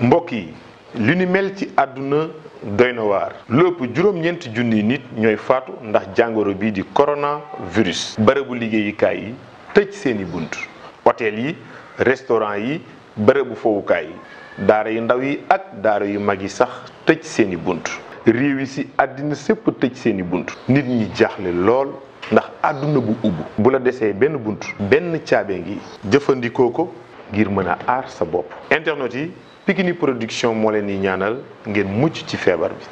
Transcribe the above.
mbokk yi li nu mel ci àdduna doy na waar lu ëpp juróom-ñeenti junniy nit ñooy faatu ndax jàngoro bii di coronavirus. bërëbu liggéeyukaay yi tëj seeni bunt hôtel yi restaurant yi bërëbu fowukaay yi daara yu ndaw yi ak daara yu mag yi sax tëj seeni bunt réew yi si àddina sépp tëj seeni bunt nit ñi jaaxle lool ndax àdduna bu ubb bu la desee benn bunt benn caabe ngi jëfandikoo ko ngir mën a aar sa bopp. internet yi Pikini Production moo leen di ñaanal ngeen mucc ci feebar bi.